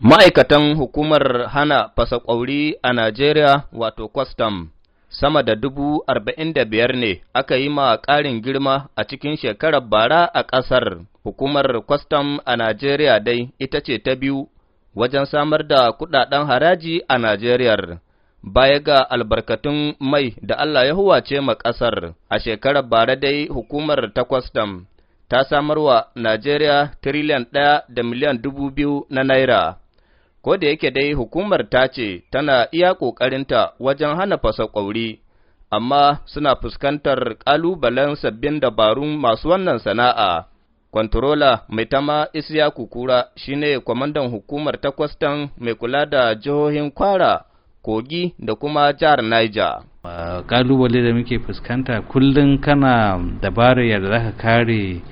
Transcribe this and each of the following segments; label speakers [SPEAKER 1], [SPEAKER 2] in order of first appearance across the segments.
[SPEAKER 1] Ma'aikatan hukumar hana fasa fasakwauri a Najeriya wato kwastam sama da dubu arba'in da biyar ne aka yi ma ƙarin girma a cikin shekarar bara a ƙasar. Hukumar kwastam a Najeriya dai ita ce ta biyu wajen samar da kuɗaɗen haraji a Najeriya. Baya ga albarkatun mai da Allah ya huwace ma ƙasar, a shekarar bara dai hukumar ta kwastam ta samarwa Najeriya triliyan ɗaya da miliyan dubu biyu na naira. ko da yake dai hukumar ta ce tana iya ƙoƙarinta wajen hana fasa ƙwauri, amma suna fuskantar ƙalubalen sabbin dabarun masu wannan sana'a. Kwantarola mai tama Isiyaku Kura shi ne kwamandan hukumar ta kwastan mai kula da jihohin Kwara, Kogi da kuma jihar Niger.
[SPEAKER 2] Ƙalubale da muke fuskanta kullum kana dabarar yadda za kare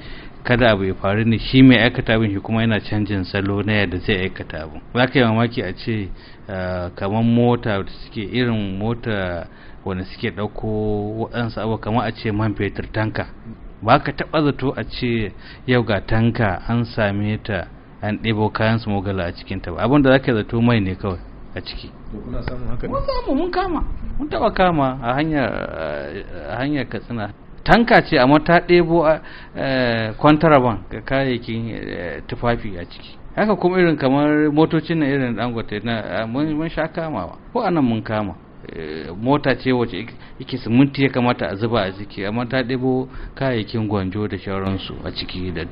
[SPEAKER 2] kada abu ya faru ne shi mai aikata abin shi kuma yana canjin salo na yadda zai aikata abu za ka yi mamaki a ce ah, kamar mota da suke irin mota wanda suke ɗauko waɗansu abu kamar a ce man fetur tanka ba ka taɓa zato a ce yau ga tanka an same ta an ɗebo kayan su mogala a cikinta ba abin da za ka zato mai ne kawai a ciki mun kama taɓa kama a hanyar katsina tanka ce amma ta ɗebo eh, kwantaraban ga kayayyakin eh, tufafi a ciki haka kuma irin kamar motocin na irin dangote na mun sha kamawa ko anan mun kama eh, mota ce wacce yake siminti ya kamata a zuba a ciki amma ta ɗebo kayayyakin gwanjo da shauransu a ciki da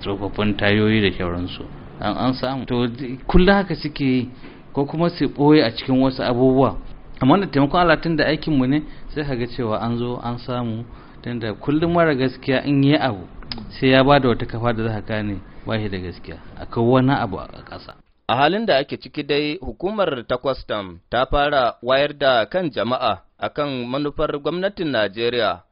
[SPEAKER 2] tsofaffin tayoyi da shauransu an samu to kullum haka suke yi ko kuma su ɓoye a cikin wasu abubuwa amma da taimakon alatun da aikinmu ne sai ka ga cewa an zo an samu tunda kullum mara gaskiya in yi abu sai ya ba da wata kafa da za ka gane ba shi da gaskiya akwai wani abu a ƙasa
[SPEAKER 1] a halin da ake ciki dai hukumar ta kwastam ta fara wayar da kan jama'a akan manufar gwamnatin najeriya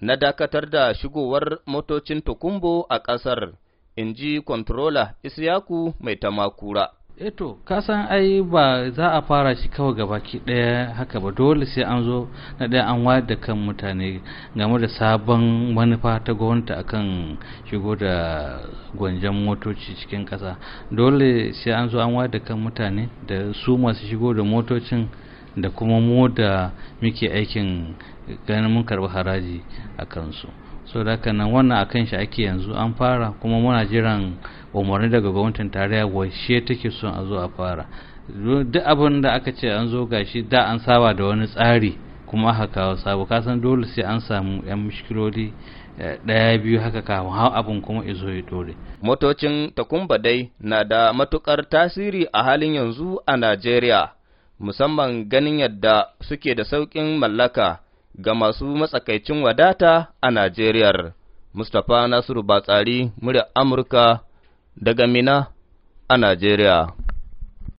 [SPEAKER 1] na dakatar da shigowar motocin tukumbo a ƙasar in ji kontrola isyaku mai tamakura
[SPEAKER 2] eto eh kasan ai ba za a fara shi kawai gaba ki ɗaya haka ba dole sai an zo na ɗaya an wayar da kan mutane game da sabon manufa ta gwamnati akan shigo da gwanjan motoci cikin ƙasa dole sai an zo an wayar da kan mutane da su masu shigo da motocin da kuma mu da muke aikin ganin mun karɓi haraji a kansu so da haka nan wannan akan shi ake yanzu an fara kuma muna jiran umarni daga gwamnatin tarayya washe take son a zo a fara duk abin da aka ce an zo gashi da an saba da wani tsari kuma aka kawo sabo kasan dole sai an samu yan mushkiloli daya eh, biyu haka kawo
[SPEAKER 1] hau abin kuma izo ya dore. motocin takumba dai na da matukar tasiri a halin yanzu a najeriya musamman ganin yadda suke da saukin mallaka ga masu matsakaicin wadata a Najeriya. Mustapha Nasiru Batsari, murya Amurka daga Mina a Najeriya.